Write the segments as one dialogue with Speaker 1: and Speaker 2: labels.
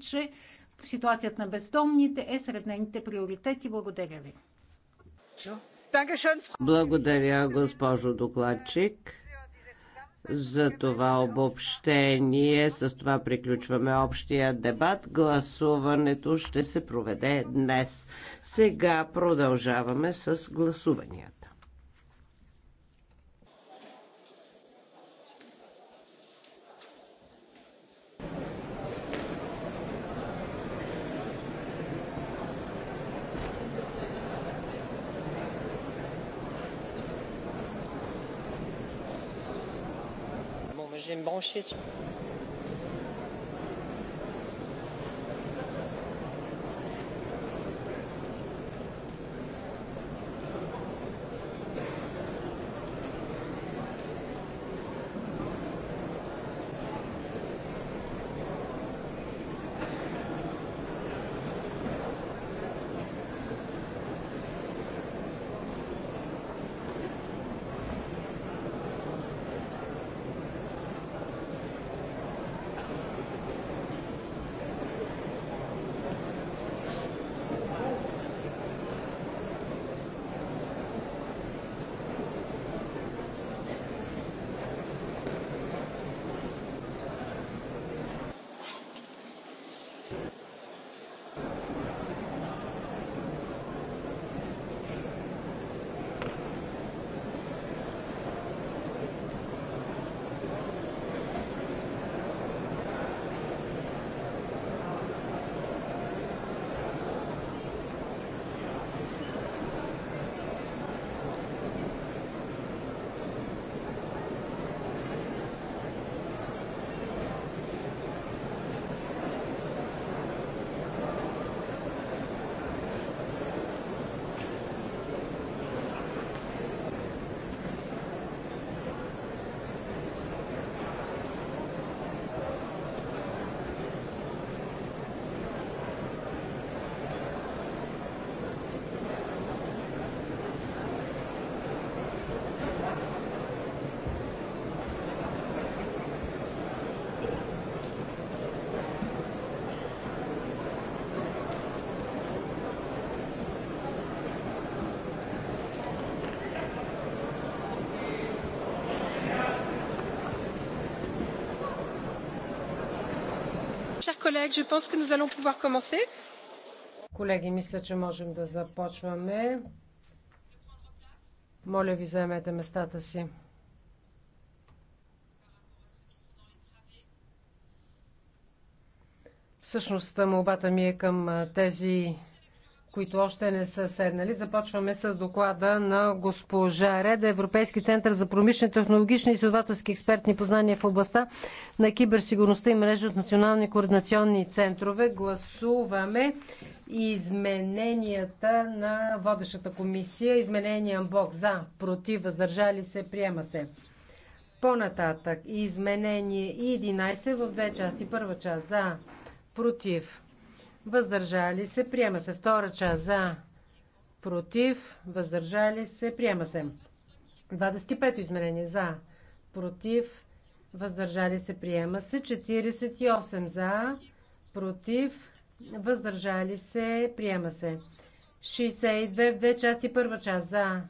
Speaker 1: че ситуацията на бездомните е сред нейните приоритети. Благодаря ви.
Speaker 2: Благодаря, госпожо докладчик. За това обобщение с това приключваме общия дебат. Гласуването ще се проведе днес. Сега продължаваме с гласуванията.
Speaker 3: branchés sur Колеги, мисля, че можем да започваме. Моля ви, заемете местата си. Всъщност, молбата ми е към тези които още не са седнали. Започваме с доклада на госпожа Реда, Европейски център за промишлени, технологични и изследователски експертни познания в областта на киберсигурността и мрежа от национални координационни центрове. Гласуваме измененията на водещата комисия. Изменения Бог за, против, въздържали се, приема се. По-нататък, изменение 11 в две части. Първа част за, против, въздържали се, приема се. Втора част за, против, въздържали се, приема се. 25 изменение за, против, въздържали се, приема се. 48 за, против, въздържали се, приема се. 62 в две части, първа част за,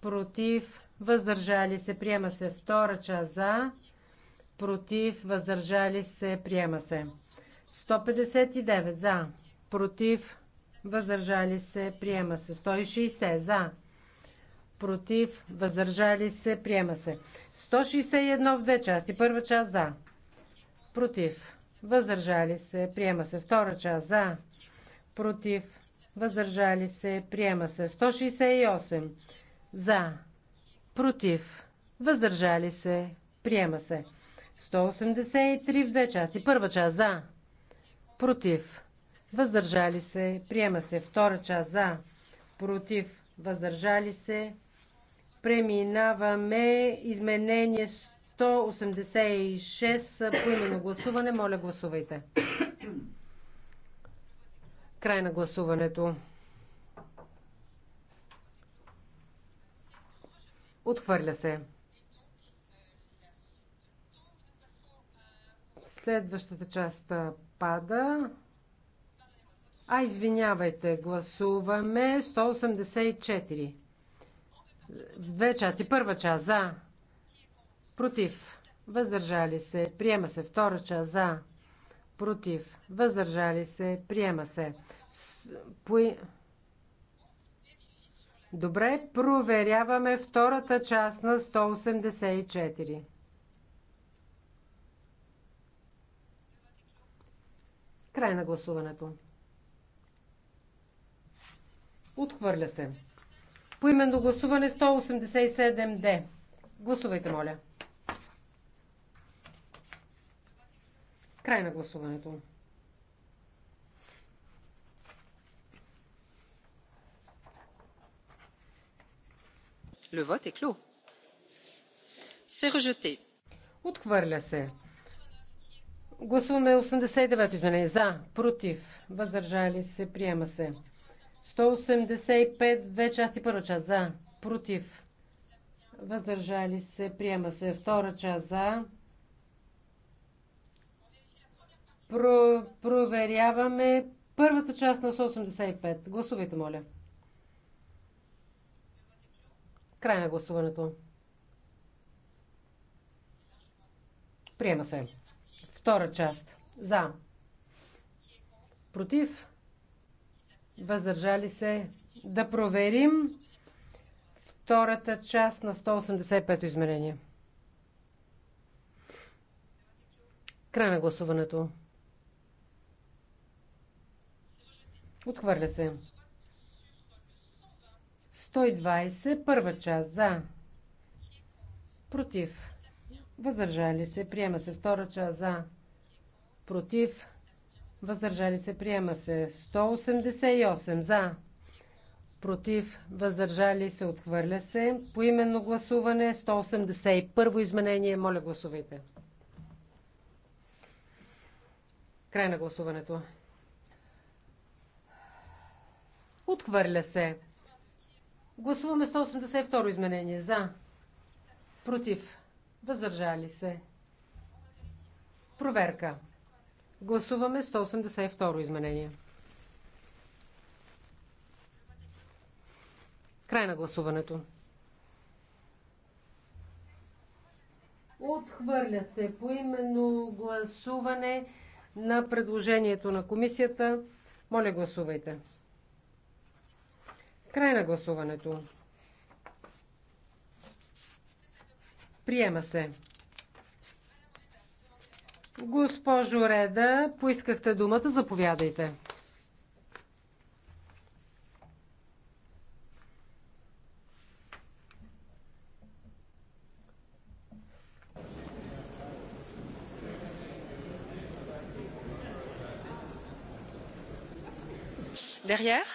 Speaker 3: против, въздържали се, приема се. Втора част за, против, въздържали се, приема се. 159 за, против, въздържали се, приема се. 160 за, против, въздържали се, приема се. 161 в две части. Първа част за, против, въздържали се, приема се. Втора част за, против, въздържали се, приема се. 168 за, против, въздържали се, приема се. 183 в две части. Първа част за, против, въздържали се, приема се. Втора част за, против, въздържали се. Преминаваме изменение 186 по именно гласуване. Моля, гласувайте. Край на гласуването. Отхвърля се. Следващата част отпада. А, извинявайте, гласуваме 184. В две части. Първа част за. Против. Въздържали се. Приема се. Втора част за. Против. Въздържали се. Приема се. Пои... Добре, проверяваме втората част на 184. Край на гласуването. Отхвърля се. Поименно гласуване 187D. Гласувайте, моля. Край на гласуването.
Speaker 1: Le vote est clos. C'est
Speaker 3: rejeté. Отхвърля се. Гласуваме 89-то изменение. За, против, въздържали се, приема се. 185, две части, първа част. За, против, въздържали се, приема се. Втора част. За. Про, проверяваме първата част на 185. Гласувайте, моля. Край на гласуването. Приема се. Втора част. За. Против. Въздържали се. Да проверим втората част на 185 измерение. Край на гласуването. Отхвърля се. 120. Първа част. За. Против. Въздържали се. Приема се втора част. За против, въздържали се, приема се. 188 за, против, въздържали се, отхвърля се. По именно гласуване 181 изменение. Моля, гласувайте. Край на гласуването. Отхвърля се. Гласуваме 182 изменение. За. Против. Въздържали се. Проверка. Гласуваме 182 изменение. Край на гласуването. Отхвърля се по именно гласуване на предложението на комисията. Моля, гласувайте. Край на гласуването. Приема се. Госпожо Реда, поискахте думата, заповядайте. derrière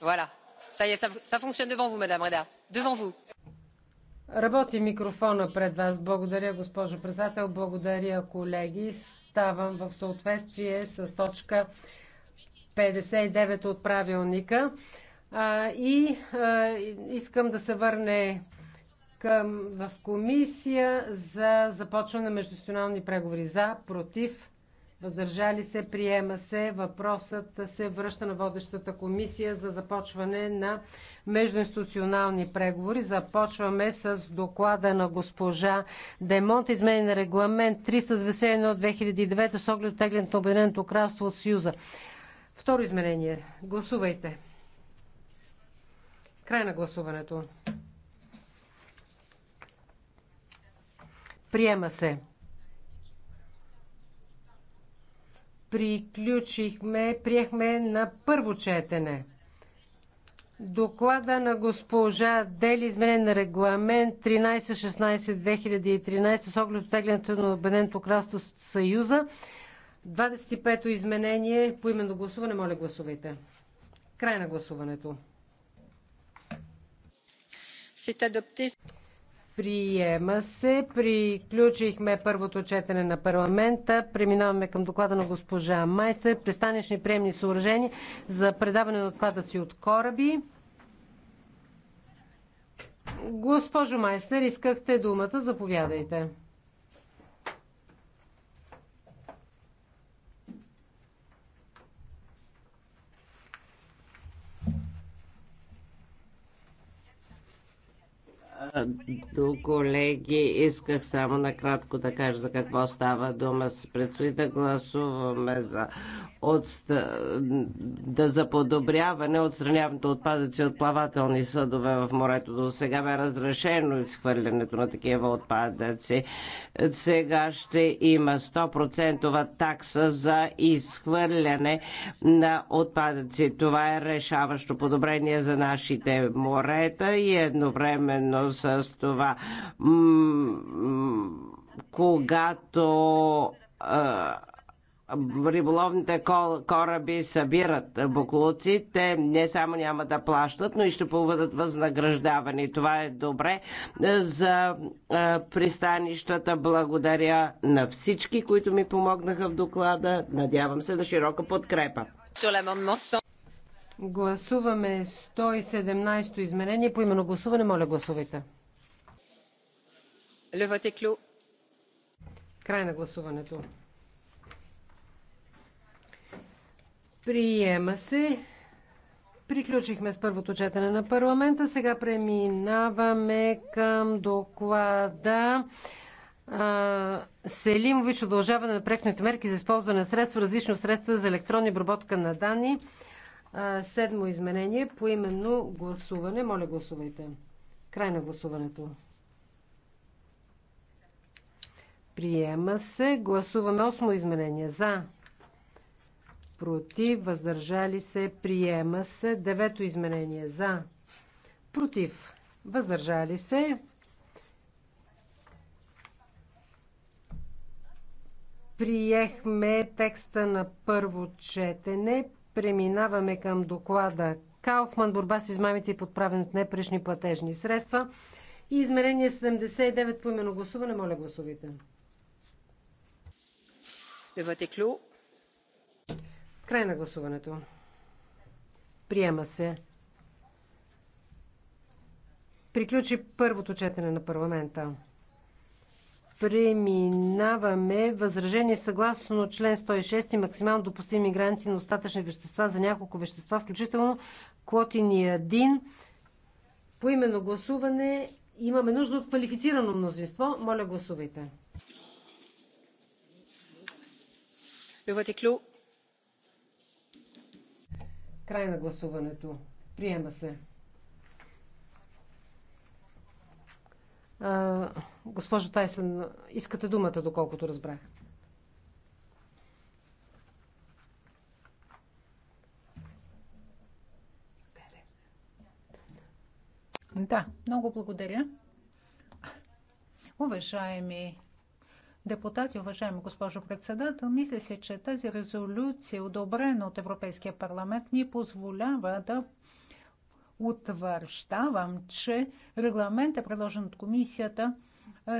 Speaker 3: voilà ça y est ça fonctionne devant vous madame reda devant vous. Работи микрофона пред вас. Благодаря, госпожо председател. Благодаря, колеги. Ставам в съответствие с точка 59 от правилника. А, и а, искам да се върне към, в комисия за започване на междунационални преговори. За, против, въздържали се, приема се. Въпросът се връща на водещата комисия за започване на междуинституционални преговори. Започваме с доклада на госпожа Демонт, изменен регламент 391 от 2009 с оглед оттеглянето на Обединеното кралство от Съюза. Второ изменение. Гласувайте. Край на гласуването. Приема се. приключихме, приехме на първо четене. Доклада на госпожа Дели, изменен на регламент 1316-2013 с оглед оттеглянето на Обединеното кралство Съюза. 25-то изменение по именно гласуване. Моля, гласувайте. Край на гласуването. Приема се. Приключихме първото четене на парламента. Преминаваме към доклада на госпожа Майстер. Пристанищни приемни съоръжения за предаване на отпадъци от кораби. Госпожо Майстер, искахте думата. Заповядайте.
Speaker 2: до колеги. Исках само накратко да кажа за какво става дума. Предстои да гласуваме за от, да за подобряване отстраняването отпадъци от плавателни съдове в морето. До сега бе разрешено изхвърлянето на такива отпадъци. Сега ще има 100% такса за изхвърляне на отпадъци. Това е решаващо подобрение за нашите морета и едновременно с това. Когато риболовните кораби събират буклуци, те не само няма да плащат, но и ще бъдат възнаграждавани. Това е добре за пристанищата. Благодаря на всички, които ми помогнаха в доклада. Надявам се на широка подкрепа.
Speaker 3: Гласуваме 117-то изменение. По именно гласуване, моля гласувайте. Край на гласуването. Приема се. Приключихме с първото четене на парламента. Сега преминаваме към доклада Селимович удължаване на проектните мерки за използване на средства, различни средства за електронни обработка на данни. седмо изменение по именно гласуване. Моля гласувайте. Край на гласуването. Приема се. Гласуваме осмо изменение. За. Против. Въздържали се. Приема се. Девето изменение. За. Против. Въздържали се. Приехме текста на първо четене. Преминаваме към доклада Кауфман борба с измамите и подправенето на непрешни платежни средства. И измерение 79 по именно гласуване. Моля гласувайте. Край на гласуването. Приема се. Приключи първото четене на парламента. Преминаваме възражение съгласно член 106 и максимално допустими граници на остатъчни вещества за няколко вещества, включително клотиниадин. По именно гласуване имаме нужда от квалифицирано мнозинство. Моля, гласувайте. Край на гласуването. Приема се. А, госпожо Тайсън, искате думата, доколкото разбрах.
Speaker 1: Да, много благодаря. Уважаеми депутати, уважаема госпожо председател, мисля се, че тази резолюция, одобрена от Европейския парламент, ни позволява да утвърждавам, че регламента, предложен от комисията,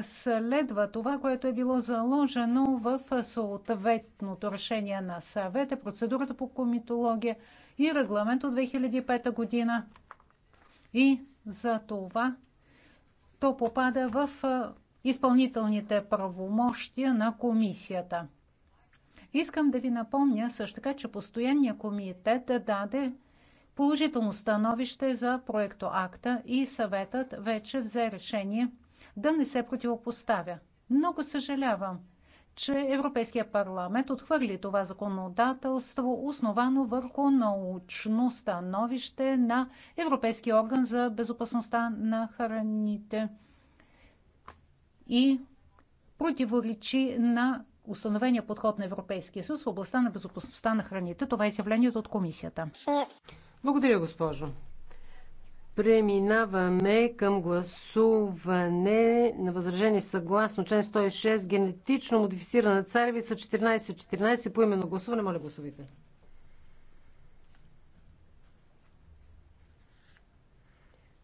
Speaker 1: следва това, което е било заложено в съответното решение на съвета, процедурата по комитология и регламент от 2005 година. И за това то попада в изпълнителните правомощия на комисията. Искам да ви напомня също така, че постоянния комитет даде положително становище за проекто акта и съветът вече взе решение да не се противопоставя. Много съжалявам, че Европейския парламент отхвърли това законодателство, основано върху научно становище на Европейския орган за безопасността на храните и противоречи на установения подход на Европейския съюз в областта на безопасността на храните. Това е изявлението от комисията. Благодаря,
Speaker 3: госпожо. Преминаваме към гласуване на възражение съгласно член 106 генетично модифицирана царевица 1414 по именно гласуване. Моля гласувайте.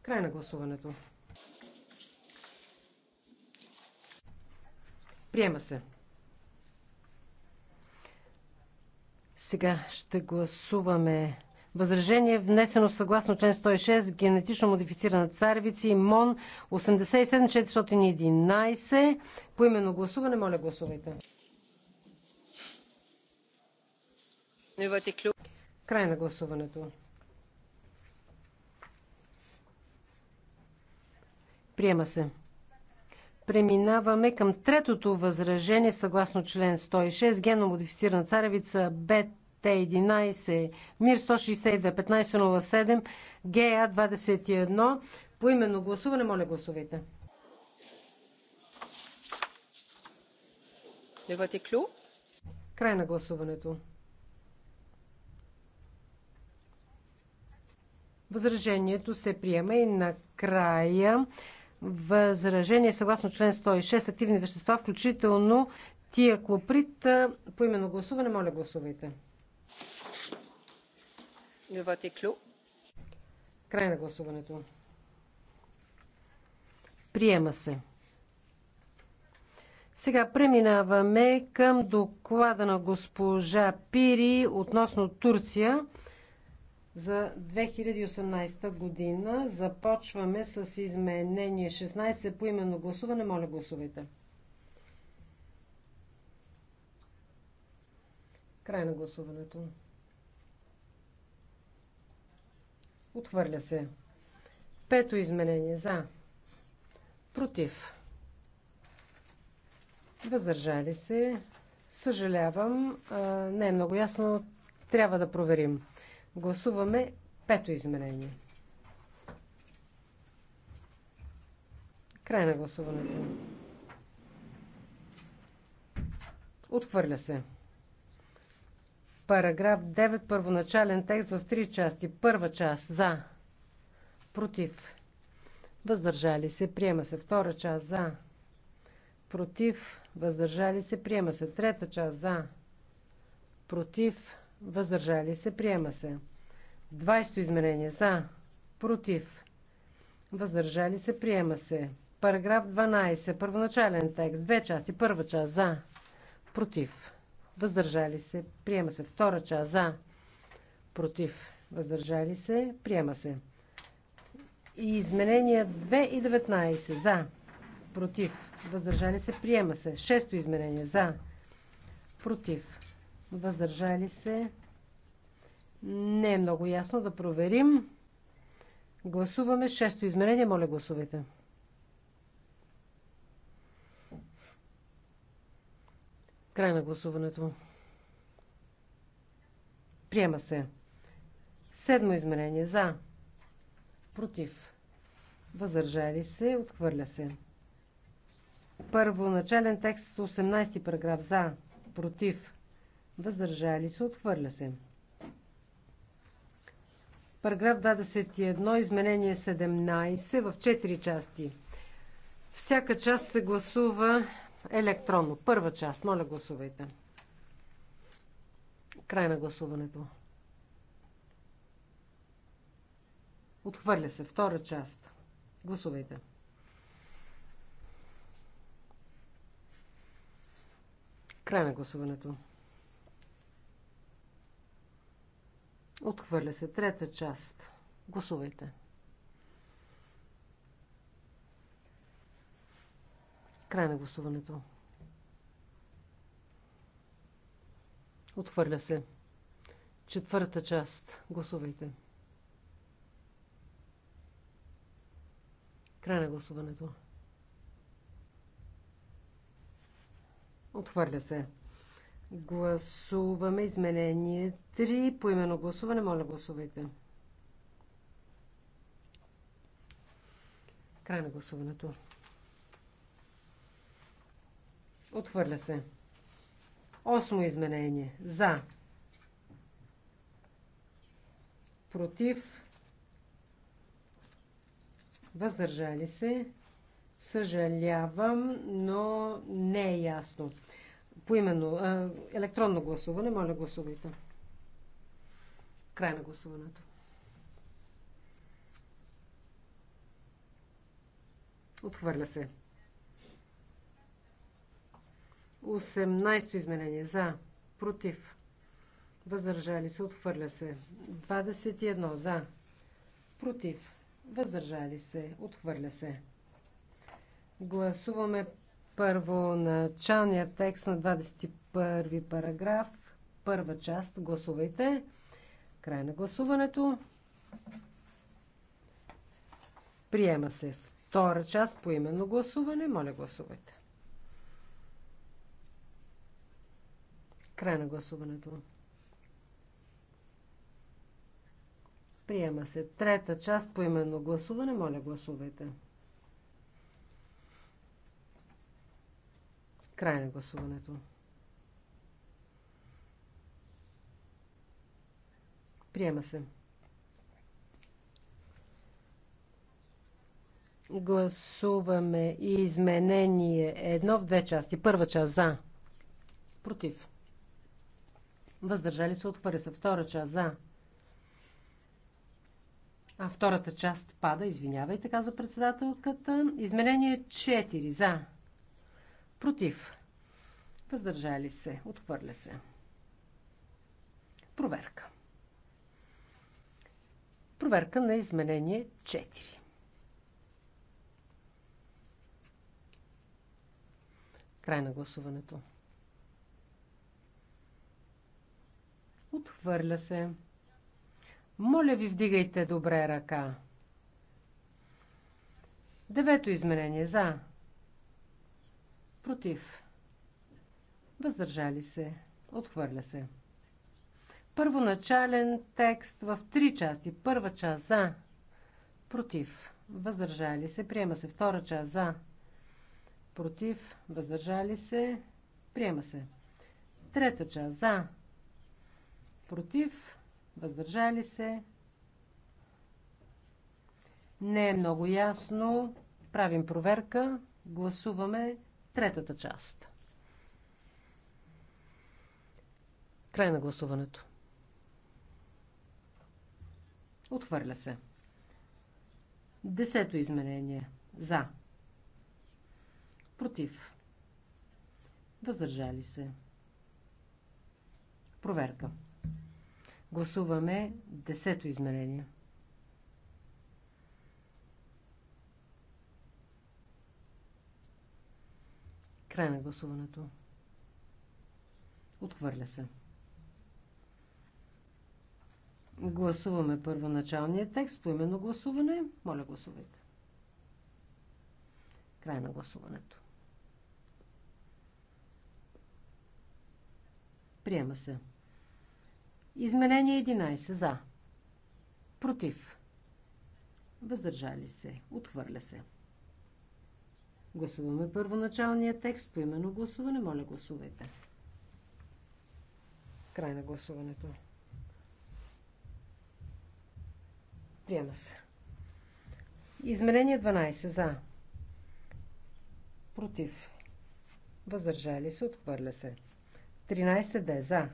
Speaker 3: Край на гласуването. Приема се. Сега ще гласуваме възражение, внесено съгласно член 106, генетично модифицирана и МОН 87411. По именно гласуване, моля гласувайте. Край на гласуването. Приема се. Преминаваме към третото възражение съгласно член 106. Геномодифицирана царевица БТ11 МИР 162 1507 ГА21. По именно гласуване, моля гласувайте. Край на гласуването. Възражението се приема и накрая възражение съгласно член 106 активни вещества, включително тия клоприт. По именно гласуване, моля гласувайте. Край на гласуването. Приема се. Сега преминаваме към доклада на госпожа Пири относно Турция за 2018 година. Започваме с изменение 16 по именно гласуване. Моля гласувайте. Край на гласуването. Отхвърля се. Пето изменение за. Против. Въздържали се. Съжалявам. Не е много ясно. Трябва да проверим. Гласуваме пето изменение. Край на гласуването. Отхвърля се. Параграф 9, първоначален текст в три части. Първа част за, против, въздържали се, приема се. Втора част за, против, въздържали се, приема се. Трета част за, против, въздържали се, приема се. 20 изменение за, против, въздържали се, приема се. Параграф 12, първоначален текст, две части, първа част за, против, въздържали се, приема се. Втора част за, против, въздържали се, приема се. И изменения 2 и 19 за, против, въздържали се, приема се. Шесто изменение за, против, въздържали се. Не е много ясно да проверим. Гласуваме шесто измерение. Моля, гласувайте. Край на гласуването. Приема се. Седмо измерение. За. Против. Въздържали се. Отхвърля се. Първоначален текст 18 параграф. За. Против. Въздържали се. Отхвърля се. Параграф 21. Изменение 17 в 4 части. Всяка част се гласува електронно. Първа част. Моля, гласувайте. Край на гласуването. Отхвърля се. Втора част. Гласувайте. Край на гласуването. Отхвърля се. Трета част. Гласувайте. Край на гласуването. Отхвърля се. Четвърта част. Гласувайте. Край на гласуването. Отхвърля се. Гласуваме изменение 3. По именно гласуване, моля гласувайте. Край на гласуването. Отвърля се. Осмо изменение. За. Против. Въздържали се. Съжалявам, но не е ясно поименно електронно гласуване. Моля, гласувайте. Край на гласуването. Отхвърля се. 18 изменение. За. Против. Въздържали се. Отхвърля се. 21. За. Против. Въздържали се. Отхвърля се. Гласуваме Първоначалния текст на 21 параграф, първа част, гласувайте. Край на гласуването. Приема се втора част по именно гласуване. Моля, гласувайте. Край на гласуването. Приема се трета част по именно гласуване. Моля, гласувайте. Край на гласуването. Приема се. Гласуваме и изменение едно в две части. Първа част за. Против. Въздържали се отхвърля се. Втора част за. А втората част пада, извинявайте, казва председателката. Изменение 4 за. Против. Въздържали се. Отхвърля се. Проверка. Проверка на изменение 4. Край на гласуването. Отхвърля се. Моля ви, вдигайте добре ръка. Девето изменение за. Против. Въздържали се. Отхвърля се. Първоначален текст в три части. Първа част за. Против. Въздържали се. Приема се. Втора част за. Против. Въздържали се. Приема се. Трета част за. Против. Въздържали се. Не е много ясно. Правим проверка. Гласуваме Третата част. Край на гласуването. Отхвърля се. Десето изменение. За. Против. Въздържали се. Проверка. Гласуваме десето измерение. Край на гласуването. Отхвърля се. Гласуваме първоначалния текст по именно гласуване. Моля, гласувайте. Край на гласуването. Приема се. Изменение 11. За. Против. Въздържали се. Отхвърля се. Гласуваме първоначалния текст по именно гласуване. Моля, гласувайте. Край на гласуването. Приема се. Измерение 12. За. Против. Въздържали се. Отхвърля се. 13 Д. За.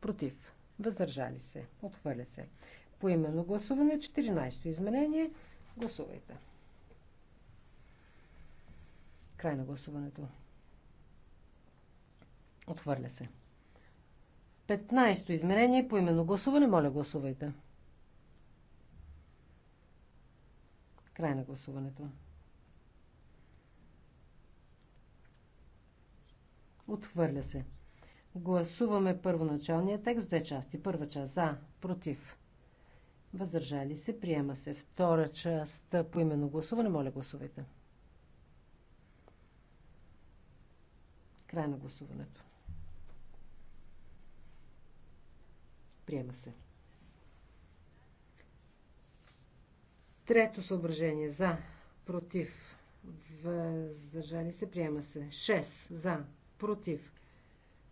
Speaker 3: Против. Въздържали се. Отхвърля се. По именно гласуване 14 изменение. Гласувайте. Край на гласуването. Отхвърля се. 15-то измерение по именно гласуване. Моля, гласувайте. Край на гласуването. Отхвърля се. Гласуваме първоначалния текст, две части. Първа част за, против. Въздържали се, приема се. Втора част по именно гласуване. Моля, гласувайте. Край на гласуването. Приема се. Трето съображение. За. Против. Въздържали се. Приема се. 6. За. Против.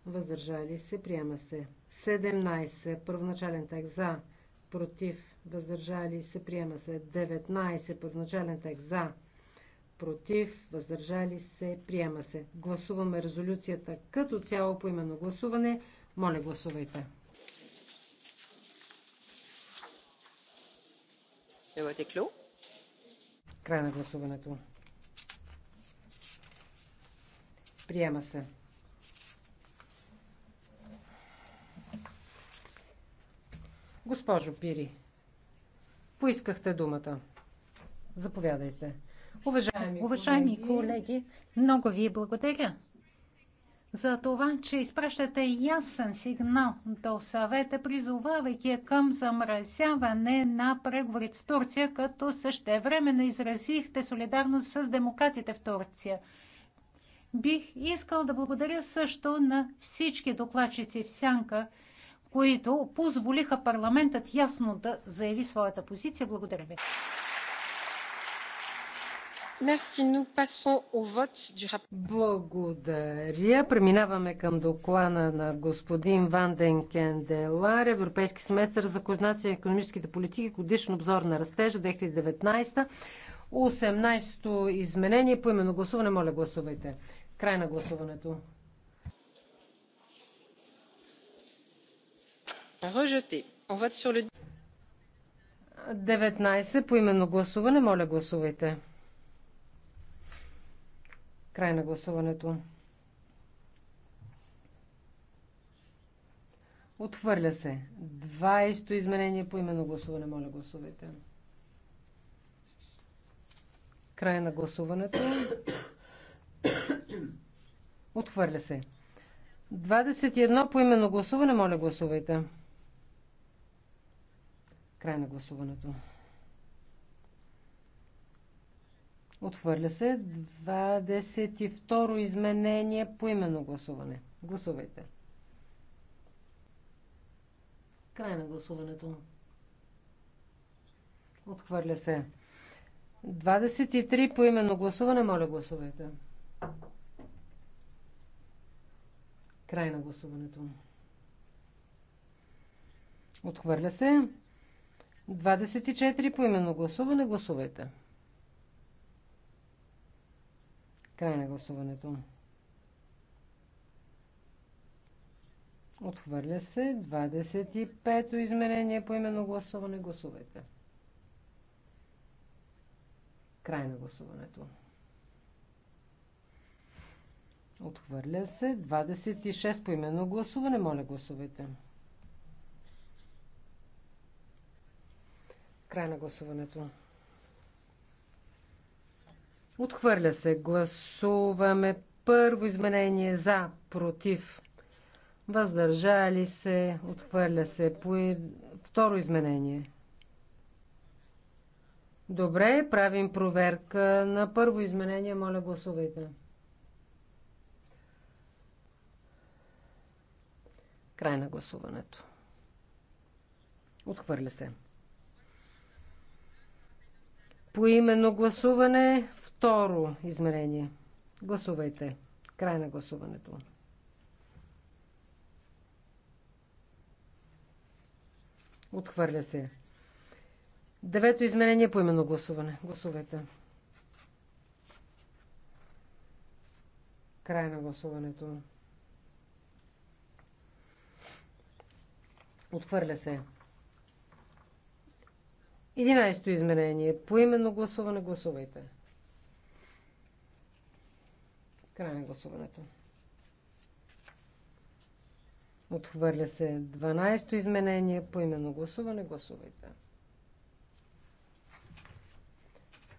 Speaker 3: Въздържали се. Приема се. 17. Първоначален текст. За. Против. Въздържали се. Приема се. 19. Първоначален текст. За против, въздържали се, приема се. Гласуваме резолюцията като цяло по именно гласуване. Моля, гласувайте. Е Край на гласуването. Приема се. Госпожо Пири, поискахте думата. Заповядайте. Уважаеми, уважаеми
Speaker 1: колеги, много ви благодаря за това, че изпращате ясен сигнал до съвета, призовавайки към замразяване на преговорите с Турция, като същевременно изразихте солидарност с демократите в Турция. Бих искал да благодаря също на всички докладчици в Сянка, които позволиха парламентът ясно да заяви своята позиция. Благодаря ви.
Speaker 3: Благодаря. Преминаваме към доклада на господин Ван Ден Кенделар. Европейски семестър за координация на економическите политики. Годишен обзор на растежа 2019. 18-то изменение по именно гласуване. Моля, гласувайте. Край на гласуването. Ръжете. On 19 по именно гласуване. Моля, гласувайте. Край на гласуването. Отхвърля се. 20-то изменение по именно гласуване. Моля, гласувайте. Край на гласуването. Отвърля се. 21 по именно гласуване. Моля, гласувайте. Край на гласуването. Отхвърля се. 22 изменение по именно гласуване. Гласувайте. Край на гласуването. Отхвърля се. 23 по именно гласуване. Моля, гласувайте. Край на гласуването. Отхвърля се. 24 по именно гласуване. Гласувайте. Край на гласуването. Отхвърля се 25-то измерение по именно гласуване. Гласувайте. Край на гласуването. Отхвърля се 26 по именно гласуване. Моля, гласувайте. Край на гласуването. Отхвърля се. Гласуваме първо изменение за, против, въздържали се, отхвърля се. По... Второ изменение. Добре, правим проверка на първо изменение. Моля, гласувайте. Край на гласуването. Отхвърля се. По именно гласуване Второ измерение. Гласувайте. Край на гласуването. Отхвърля се. Девето измерение по именно гласуване. Гласувайте. Край на гласуването. Отхвърля се. Единайсто измерение. По именно гласуване гласувайте. Край на гласуването. Отхвърля се 12-то изменение. По именно гласуване гласувайте.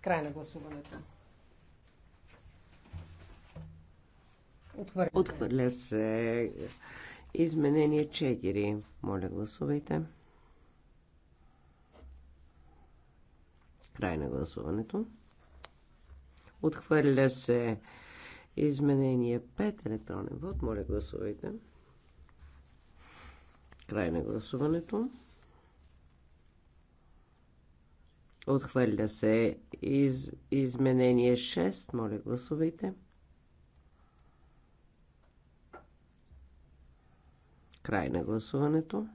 Speaker 3: Край на гласуването.
Speaker 2: Отхвърля, Отхвърля се. Изменение 4. Моля, гласувайте. Край на гласуването. Отхвърля се Изменение 5. Електронен вод. Моля, гласувайте. Край на гласуването. Отхвърля се из, изменение 6. Моля, гласувайте. Край на гласуването.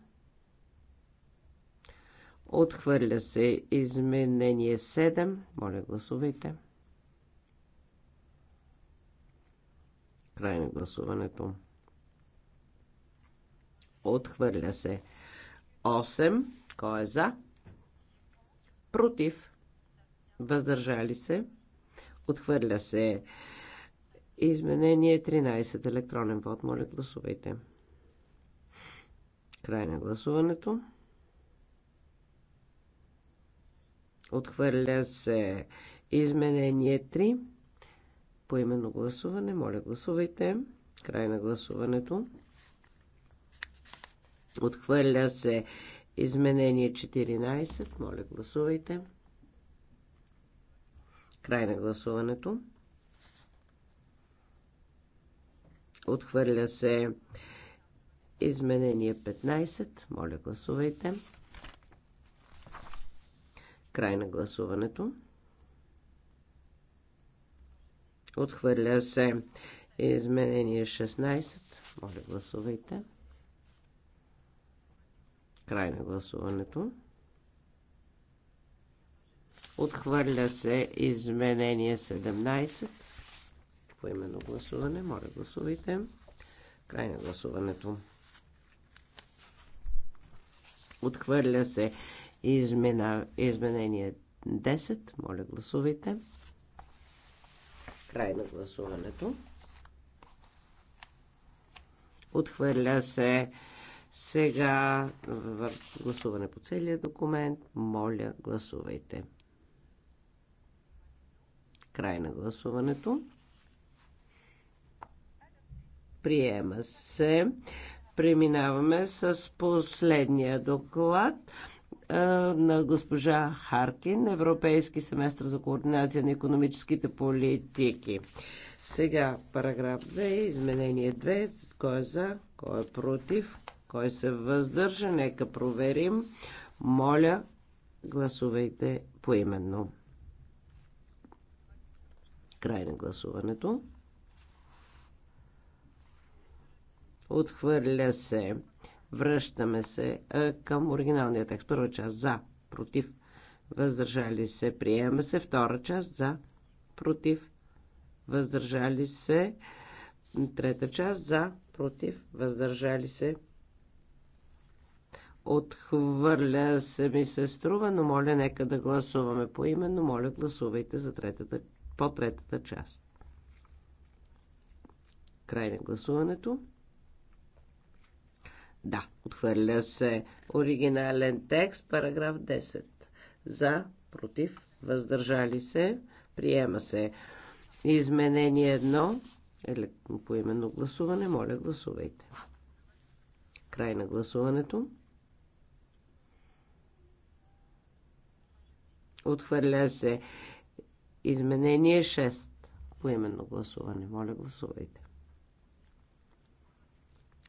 Speaker 2: Отхвърля се изменение 7. Моля, гласувайте. Край на гласуването. Отхвърля се. 8. Кой е за? Против. Въздържали се. Отхвърля се. Изменение 13. Електронен вод. Моля, гласувайте. Край на гласуването. Отхвърля се изменение 3. По именно гласуване. Моля, гласувайте. Край на гласуването. Отхвърля се изменение 14. Моля, гласувайте. Край на гласуването. Отхвърля се изменение 15. Моля, гласувайте. Край на гласуването. Отхвърля се. Изменение 16. Моля, гласувайте. Край на гласуването. Отхвърля се изменение 17. По именно гласуване. Моля, гласувайте. Край на гласуването. Отхвърля се измена, изменение 10. Моля, гласувайте. Край на гласуването. Отхвърля се. Сега в гласуване по целия документ. Моля, гласувайте. Край на гласуването. Приема се. Преминаваме с последния доклад. Е, на госпожа Харкин, Европейски семестър за координация на економическите политики. Сега параграф 2, изменение 2, кой е за, кой е против, кой се въздържа, нека проверим. Моля, гласувайте поименно. Край на гласуването. Отхвърля се. Връщаме се към оригиналния текст. Първа част за, против, въздържали се, приема се. Втора част за, против, въздържали се. Трета част за, против, въздържали се. Отхвърля се ми се струва, но моля нека да гласуваме по но Моля гласувайте за третата, по третата част. Край на гласуването. Да, отхвърля се. Оригинален текст, параграф 10. За, против, въздържали се, приема се. Изменение 1, по поименно гласуване, моля гласувайте. Край на гласуването. Отхвърля се изменение 6, поименно гласуване, моля гласувайте.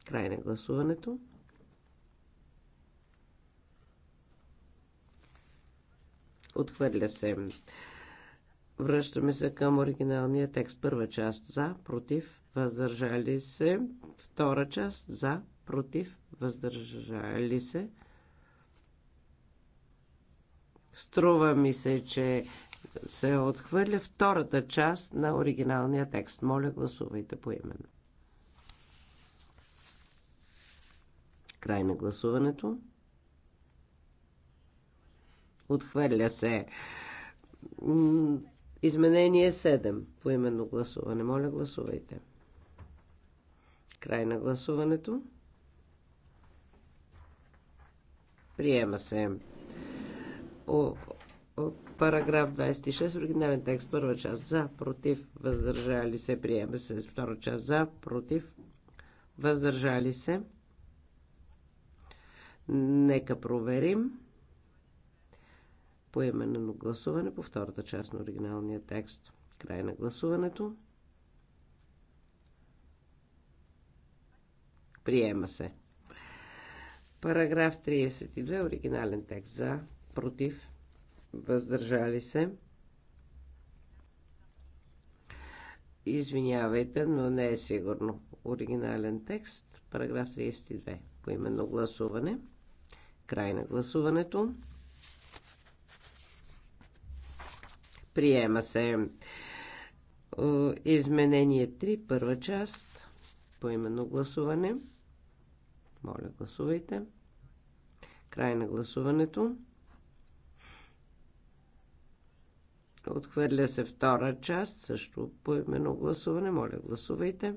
Speaker 2: Край на гласуването. Отхвърля се. Връщаме се към оригиналния текст. Първа част за, против, въздържали се. Втора част за, против, въздържали се. Струва ми се, че се отхвърля втората част на оригиналния текст. Моля, гласувайте по именно. Край на гласуването. Отхвърля се. Изменение 7. По именно гласуване. Моля, гласувайте. Край на гласуването. Приема се. О, о, параграф 26, оригинален текст, първа част за, против, въздържали се, приема се, втора част за, против, въздържали се. Нека проверим поименно гласуване по втората част на оригиналния текст. Край на гласуването. Приема се. Параграф 32, оригинален текст за, против, въздържали се. Извинявайте, но не е сигурно. Оригинален текст, параграф 32, поименно гласуване. Край на гласуването. Приема се е, изменение 3, първа част, по именно гласуване. Моля, гласувайте. Край на гласуването. Отхвърля се втора част, също по именно гласуване. Моля, гласувайте.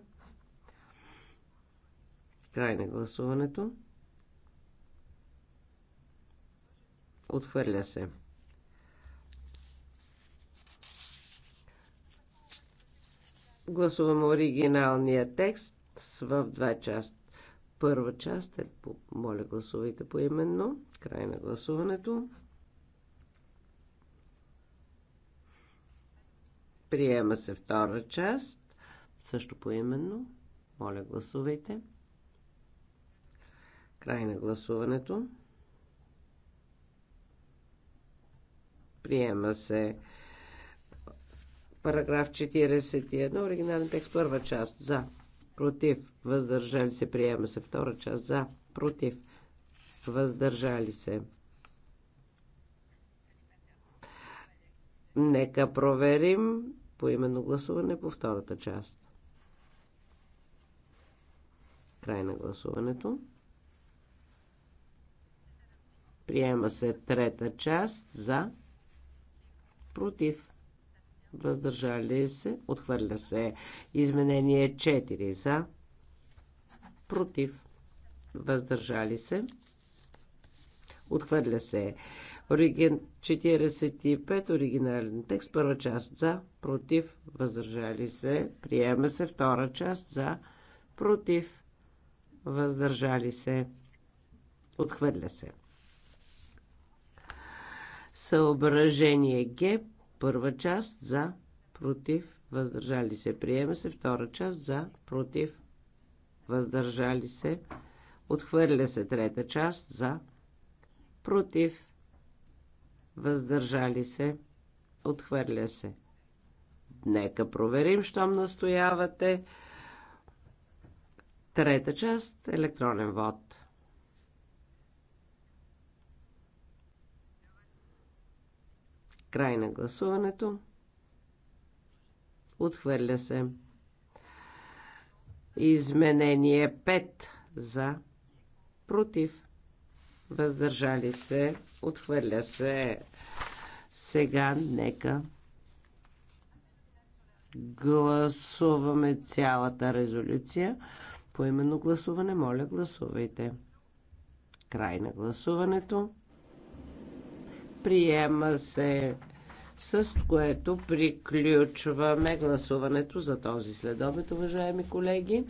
Speaker 2: Край на гласуването. Отхвърля се. Гласуваме оригиналния текст в два част. Първа част е, моля гласувайте поименно, край на гласуването. Приема се втора част, също поименно, моля гласувайте. Край на гласуването. Приема се. Параграф 41. Оригинален текст. Първа част. За. Против. Въздържали се. Приема се. Втора част. За. Против. Въздържали се. Нека проверим по именно гласуване по втората част. Край на гласуването. Приема се трета част за против, въздържали се, отхвърля се. Изменение 4 за, против, въздържали се, отхвърля се. Ориген 45, оригинален текст, първа част за, против, въздържали се, приема се, втора част за, против, въздържали се, отхвърля се. Съображение Г. Първа част за, против, въздържали се. Приема се. Втора част за, против, въздържали се. Отхвърля се трета част за, против, въздържали се. Отхвърля се. Нека проверим, щом настоявате. Трета част – електронен вод. Край на гласуването. Отхвърля се. Изменение 5 за против. Въздържали се. Отхвърля се. Сега нека гласуваме цялата резолюция. По именно гласуване, моля, гласувайте. Край на гласуването приема се, с което приключваме гласуването за този следобед, уважаеми колеги.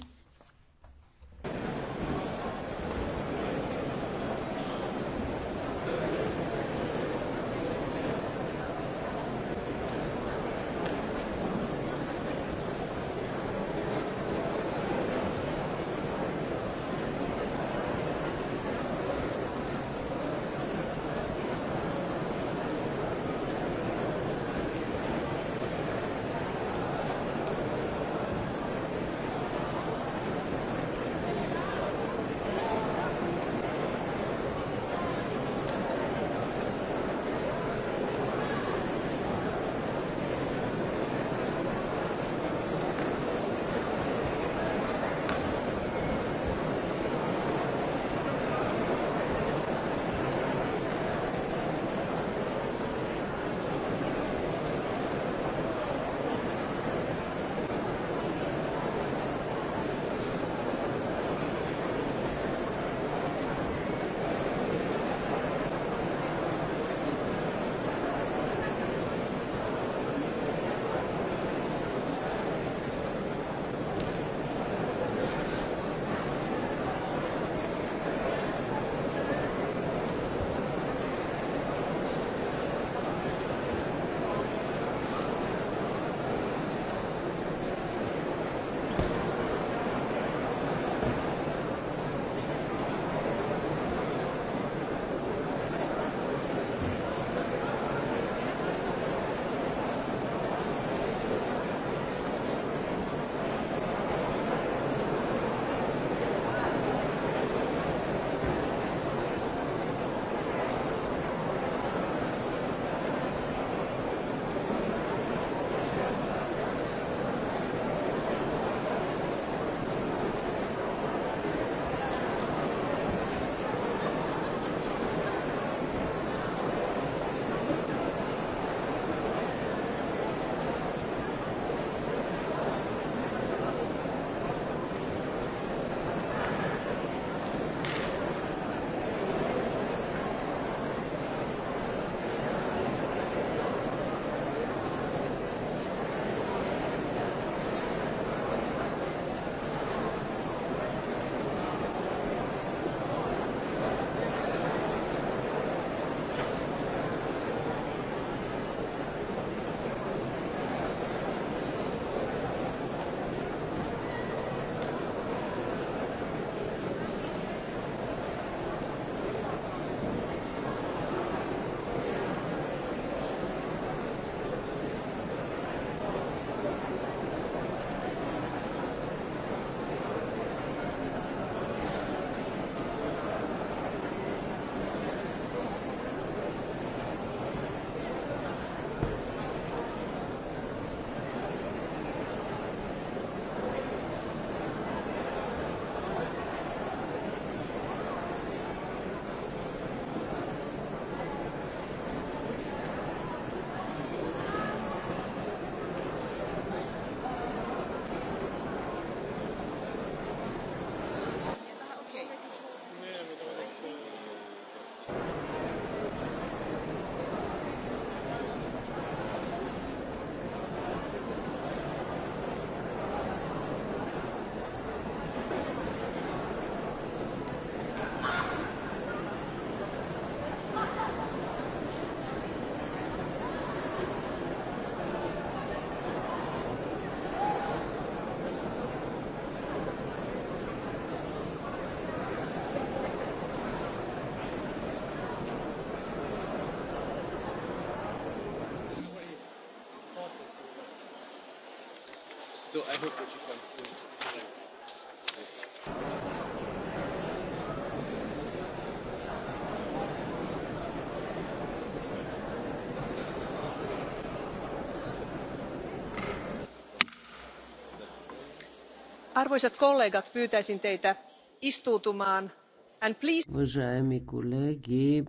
Speaker 3: arvoisat kollegat pyytäisin teitä istuutumaan
Speaker 1: and please
Speaker 2: Уважаеми колеги,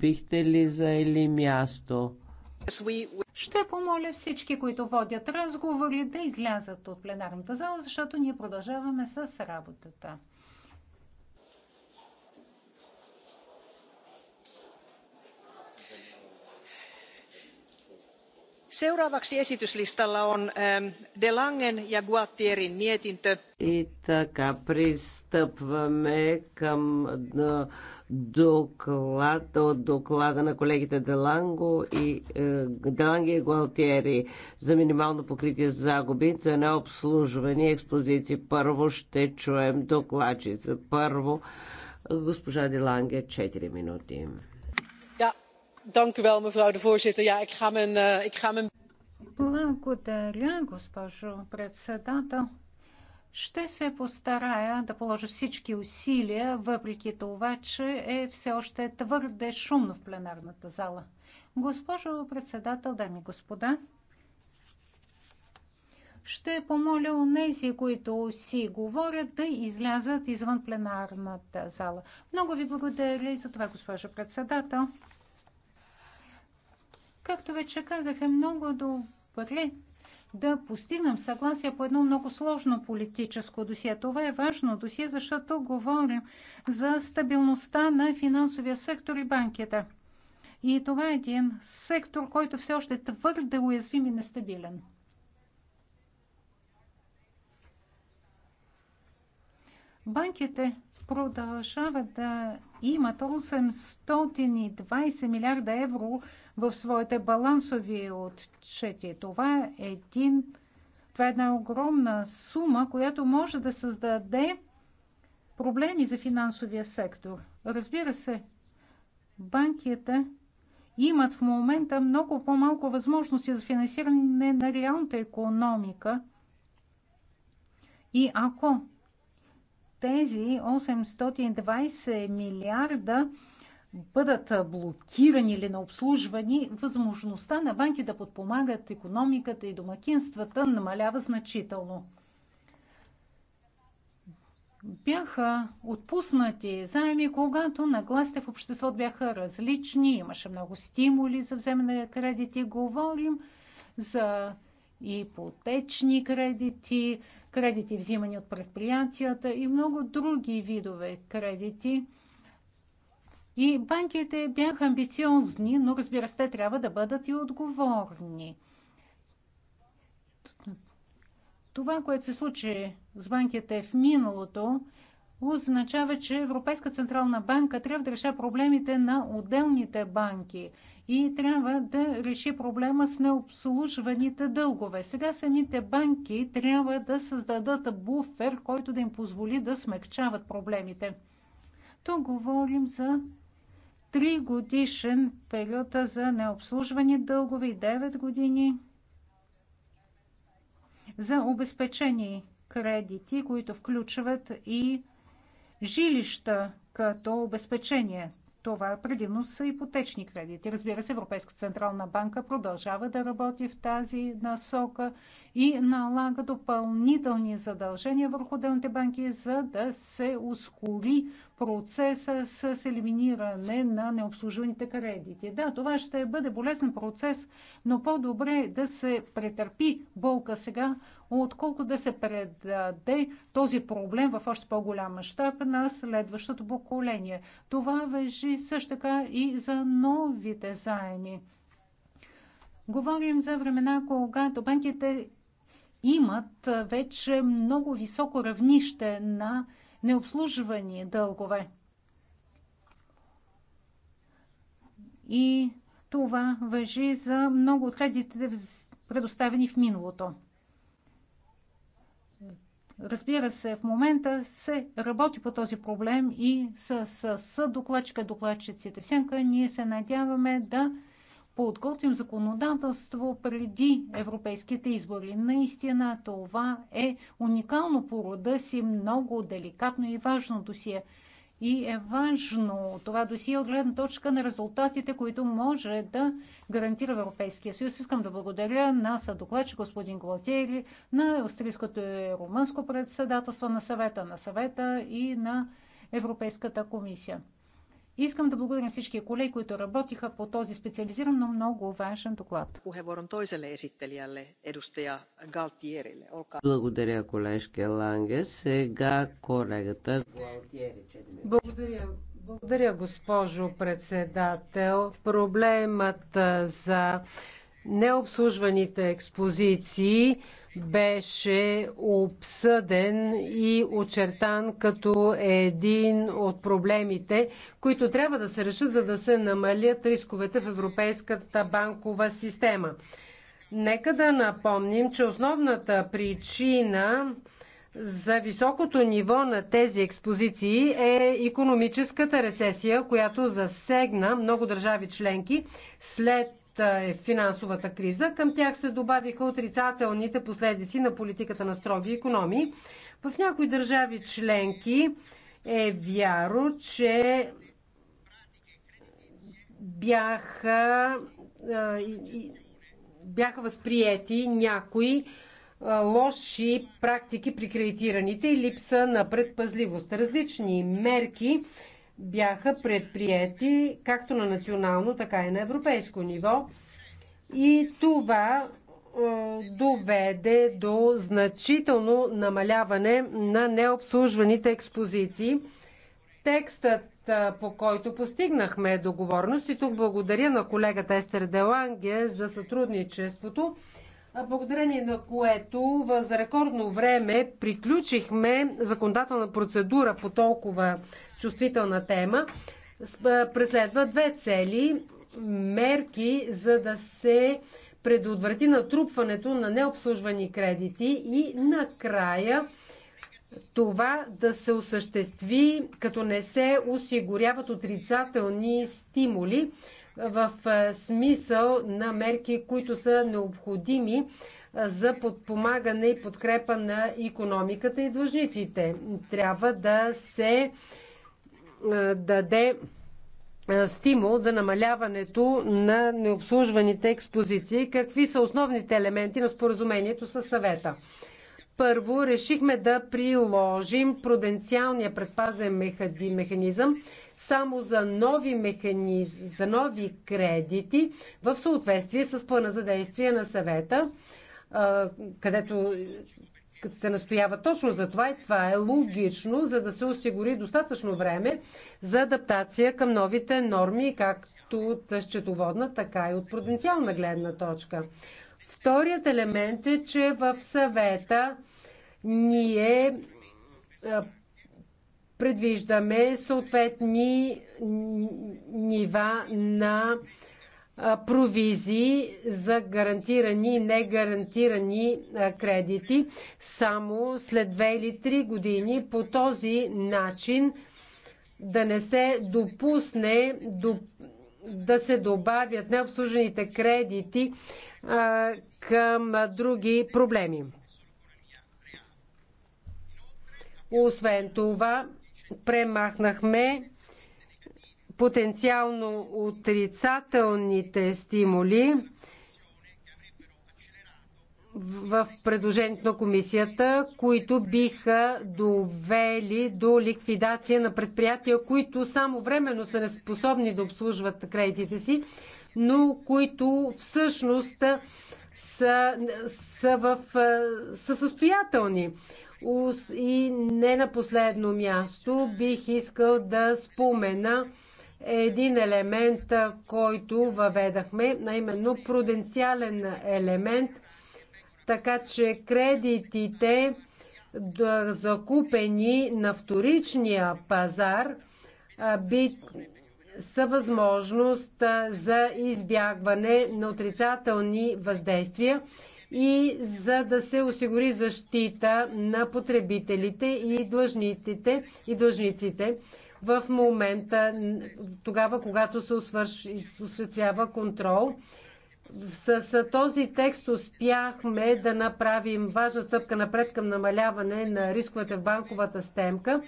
Speaker 2: бихте ли заели място?
Speaker 1: Ще помоля всички, които водят разговори, да излязат от пленарната зала, защото ние продължаваме с работата.
Speaker 2: Seuraavaksi on ähm, И така пристъпваме към доклад от доклада на колегите Деланго и е, Деланги и Гуалтиери за минимално покритие загуби за необслужвани експозиции. Първо ще чуем докладчица. Първо госпожа Деланге 4 минути. Благодаря,
Speaker 1: госпожо председател. Ще се постарая да положа всички усилия, въпреки това, че е все още твърде шумно в пленарната зала. Госпожо председател, дами и господа, ще помоля онези, които си говорят, да излязат извън пленарната зала. Много ви благодаря и за това, госпожо председател. Както вече казах, е много добре да постигнем съгласие по едно много сложно политическо досие. Това е важно досие, защото говорим за стабилността на финансовия сектор и банките. И това е един сектор, който все още е твърде уязвим и нестабилен. Банките продължават да имат 820 милиарда евро в своите балансови отчети. Това е, един, това е една огромна сума, която може да създаде проблеми за финансовия сектор. Разбира се, банките имат в момента много по-малко възможности за финансиране на реалната економика. И ако тези 820 милиарда бъдат блокирани или необслужвани, възможността на банки да подпомагат економиката и домакинствата намалява значително. Бяха отпуснати заеми, когато нагласите в обществото бяха различни, имаше много стимули за вземане на кредити. Говорим за ипотечни кредити, кредити взимани от предприятията и много други видове кредити – и банките бяха амбициозни, но разбира се, те трябва да бъдат и отговорни. Това, което се случи с банките в миналото, означава, че Европейска Централна банка трябва да реша проблемите на отделните банки и трябва да реши проблема с необслужваните дългове. Сега самите банки трябва да създадат буфер, който да им позволи да смекчават проблемите. Тук говорим за 3 годишен период за необслужвани дългове и 9 години за обезпечени кредити, които включват и жилища като обезпечение. Това предимно са ипотечни кредити. Разбира се, Европейска централна банка продължава да работи в тази насока и налага допълнителни задължения върху отделните банки, за да се ускори процеса с елиминиране на необслужваните кредити. Да, това ще бъде болезнен процес, но по-добре е да се претърпи болка сега, отколко да се предаде този проблем в още по-голям мащаб на следващото поколение. Това въжи също така и за новите заеми. Говорим за времена, когато банките имат вече много високо равнище на необслужвани дългове. И това въжи за много от кредитите, предоставени в миналото. Разбира се, в момента се работи по този проблем и с, с, докладчика, докладчиците. Всяка ние се надяваме да подготвим законодателство преди европейските избори. Наистина това е уникално по рода си, много деликатно и важно досие. И е важно това досие от гледна точка на резултатите, които може да гарантира Европейския съюз. Искам да благодаря на съдокладчик господин Гвалтери, на австрийското и румънско председателство, на съвета на съвета и на Европейската комисия. Искам да благодаря на всички колеги, които работиха по този специализиран, но много важен доклад.
Speaker 2: Благодаря, колежке Ланге. Сега колегата
Speaker 3: Благодаря, благодаря, госпожо председател. Проблемът за необслужваните експозиции беше обсъден и очертан като един от проблемите, които трябва да се решат, за да се намалят рисковете в европейската банкова система. Нека да напомним, че основната причина за високото ниво на тези експозиции е економическата рецесия, която засегна много държави членки след е финансовата криза. Към тях се добавиха отрицателните последици на политиката на строги економии. В някои държави членки е вяро, че бяха, бяха възприяти някои лоши практики при кредитираните и липса на предпазливост. Различни мерки бяха предприяти както на национално, така и на европейско ниво. И това е, доведе до значително намаляване на необслужваните експозиции. Текстът, е, по който постигнахме договорност, и тук благодаря на колегата Естер Деланге за сътрудничеството, благодарение на което за рекордно време приключихме законодателна процедура по толкова чувствителна тема, преследва две цели. Мерки, за да се предотврати натрупването на необслужвани кредити и накрая това да се осъществи, като не се осигуряват отрицателни стимули в смисъл на мерки, които са необходими за подпомагане и подкрепа на економиката и длъжниците. Трябва да се даде стимул за намаляването на необслужваните експозиции. Какви са основните елементи на споразумението с съвета? Първо, решихме да приложим пруденциалния предпазен механизъм само за нови, механиз... за нови кредити в съответствие с плана за действие на съвета, където като се настоява точно за това и това е логично, за да се осигури достатъчно време за адаптация към новите норми, както от счетоводна, така и от пруденциална гледна точка. Вторият елемент е, че в съвета ние предвиждаме съответни нива на провизии за гарантирани и негарантирани кредити само след 2 или 3 години. По този начин да не се допусне да се добавят необслужените кредити към други проблеми. Освен това, премахнахме потенциално отрицателните стимули в предложението на комисията, които биха довели до ликвидация на предприятия, които само временно са неспособни да обслужват кредитите си, но които всъщност са, са, в, са състоятелни. И не на последно място бих искал да спомена е един елемент, който въведахме, а именно пруденциален елемент, така че кредитите закупени на вторичния пазар би са възможност за избягване на отрицателни въздействия и за да се осигури защита на потребителите и длъжниците. И длъжниците в момента, тогава, когато се осъществява контрол. С, с този текст успяхме да направим важна стъпка напред към намаляване на рисковете в банковата стемка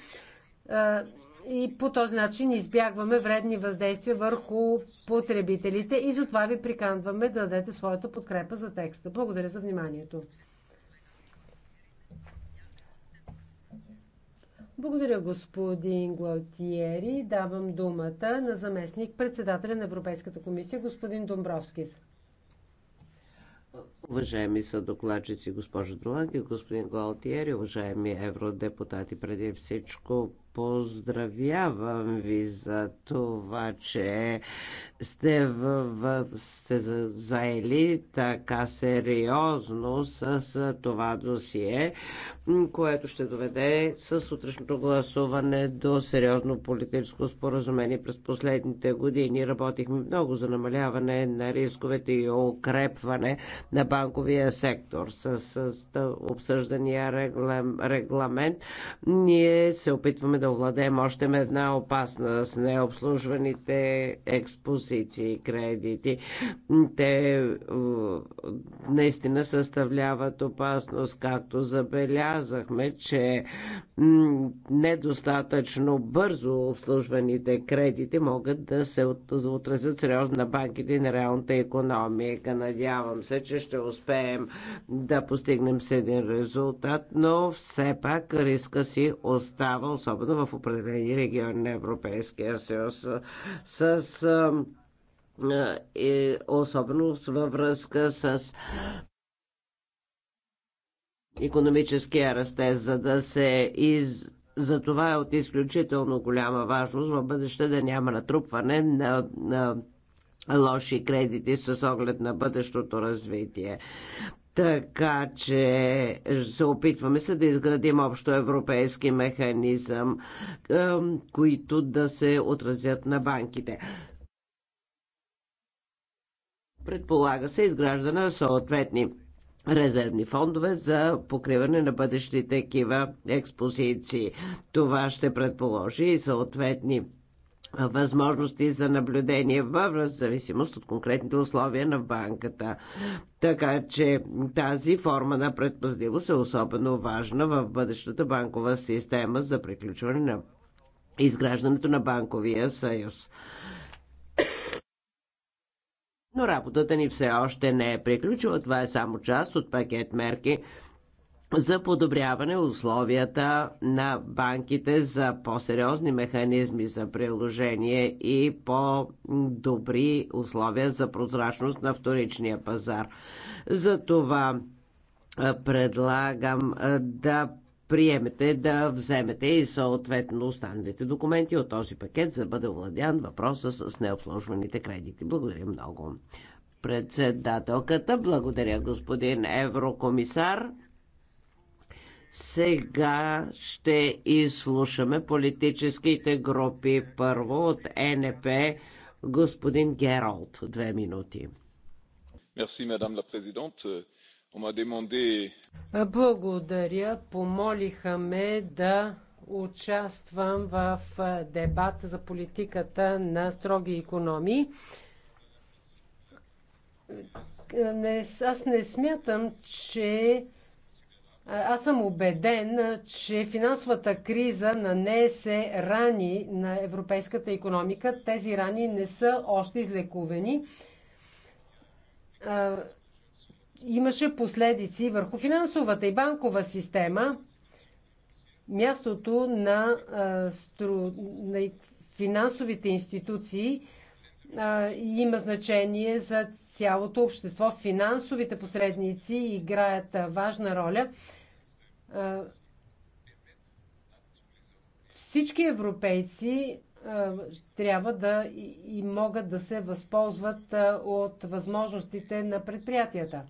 Speaker 3: и по този начин избягваме вредни въздействия върху потребителите и затова ви приканваме да дадете своята подкрепа за текста. Благодаря за вниманието. Благодаря, господин Гуалтиери. Давам думата на заместник председателя на Европейската комисия, господин Домбровскис.
Speaker 2: Уважаеми са докладчици, госпожо Доланки, господин Гуалтиери, уважаеми евродепутати, преди всичко Поздравявам ви за това, че сте, в, в, сте заели така сериозно с това досие, което ще доведе с утрешното гласуване до сериозно политическо споразумение. През последните години работихме много за намаляване на рисковете и укрепване на банковия сектор. С, с обсъждания реглам, регламент ние се опитваме да овладеем още една опасна с необслужваните експозиции кредити. Те е, наистина съставляват опасност, както забелязахме, че недостатъчно бързо обслужваните кредити могат да се отразят сериозно на банките и на реалната економика. Надявам се, че ще успеем да постигнем с един резултат, но все пак риска си остава, особено в определени региони на Европейския съюз, с, с и особено във връзка с економическия растеж, за да се из... За това е от изключително голяма важност в бъдеще да няма натрупване на, на лоши кредити с оглед на бъдещото развитие. Така че се опитваме се да изградим общо европейски механизъм, които да се отразят на банките. Предполага се изграждане на съответни резервни фондове за покриване на бъдещите такива експозиции. Това ще предположи и съответни възможности за наблюдение в зависимост от конкретните условия на банката. Така че тази форма на предпазливост е особено важна в бъдещата банкова система за приключване на изграждането на банковия съюз. Но работата ни все още не е приключила. Това е само част от пакет мерки, за подобряване условията на банките за по-сериозни механизми за приложение и по-добри условия за прозрачност на вторичния пазар. За това предлагам да приемете, да вземете и съответно останалите документи от този пакет, за да бъде овладян въпроса с необслужваните кредити. Благодаря много. Председателката, благодаря господин еврокомисар. Сега ще изслушаме политическите групи. Първо от НП господин Гералт. Две минути.
Speaker 1: Мерси, мадам ла президент.
Speaker 2: Благодаря.
Speaker 3: Помолиха ме да участвам в дебат за политиката на строги економии. Е, аз не смятам, че аз съм убеден, че финансовата криза нанесе рани на европейската економика. Тези рани не са още излекувани. Имаше последици върху финансовата и банкова система. Мястото на, стру... на финансовите институции има значение за цялото общество. Финансовите посредници играят важна роля. Всички европейци трябва да и могат да се възползват от възможностите на предприятията.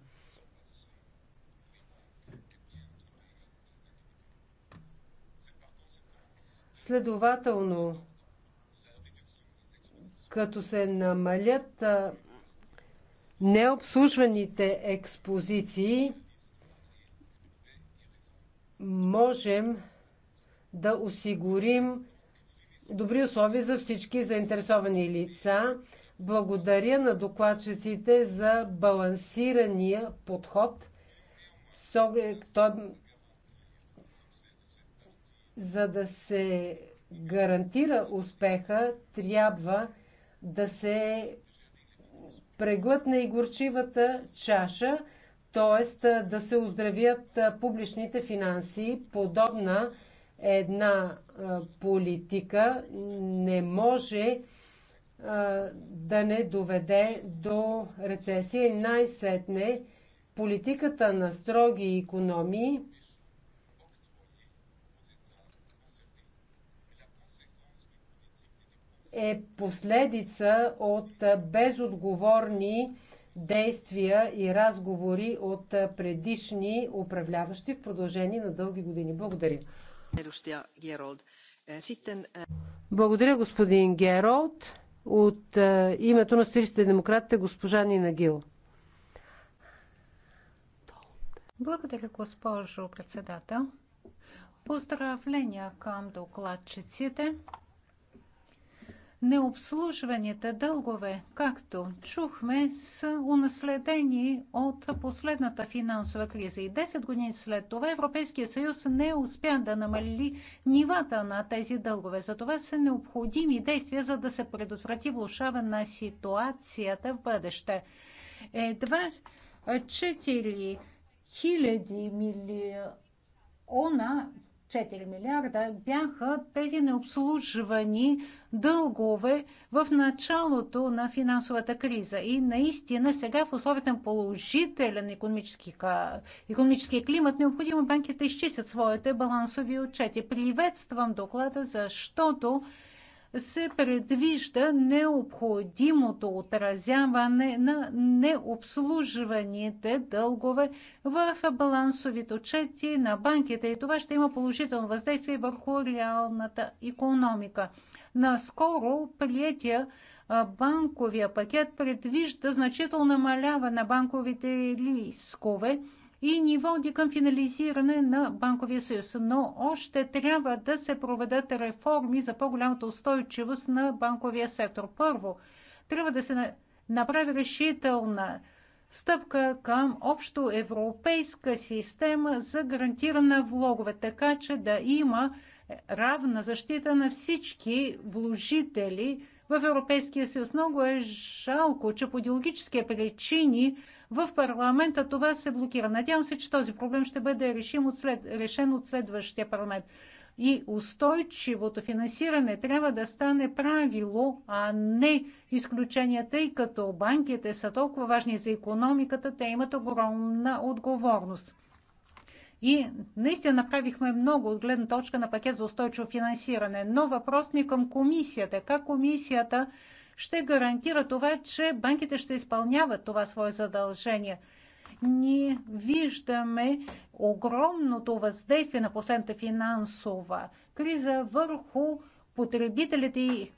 Speaker 3: Следователно, като се намалят необслужваните експозиции можем да осигурим добри условия за всички заинтересовани лица. Благодаря на докладчиците за балансирания подход. За да се гарантира успеха, трябва да се преглътне и горчивата чаша, т.е. да се оздравят публичните финанси. Подобна една политика не може да не доведе до рецесия. Най-сетне политиката на строги економии е последица от безотговорни действия и разговори от предишни управляващи в продължение на дълги години. Благодаря. Е, е, Благодаря, господин Геролд. От е, името на Сирийските демократите, госпожа Нина Гил.
Speaker 1: Благодаря, госпожо председател. Поздравления към докладчиците. Необслужваните дългове, както чухме, са унаследени от последната финансова криза. И 10 години след това Европейския съюз не успя да намали нивата на тези дългове. Затова са необходими действия, за да се предотврати влушава на ситуацията в бъдеще. Едва 4 хиляди милиона 4 милиарда бяха тези необслужвани дългове в началото на финансовата криза. И наистина сега в условията на положителен економически, економически климат необходимо банките изчистят своите балансови отчети. Приветствам доклада, защото се предвижда необходимото отразяване на необслужваните дългове в балансовите отчети на банките и това ще има положително въздействие върху реалната економика. Наскоро приятия банковия пакет предвижда значително намалява на банковите рискове и ни води към финализиране на банковия съюз. Но още трябва да се проведат реформи за по-голямата устойчивост на банковия сектор. Първо, трябва да се направи решителна стъпка към общо европейска система за гарантиране на влогове, така че да има равна защита на всички вложители в Европейския съюз. Много е жалко, че по идеологически причини в парламента това се блокира. Надявам се, че този проблем ще бъде решим от след, решен от следващия парламент. И устойчивото финансиране трябва да стане правило, а не изключение, тъй като банките са толкова важни за економиката, те имат огромна отговорност. И наистина направихме много от гледна точка на пакет за устойчиво финансиране. Но въпрос ми е към комисията. Как комисията ще гарантира това, че банките ще изпълняват това свое задължение. Ние виждаме огромното въздействие на последната финансова криза върху потребителите и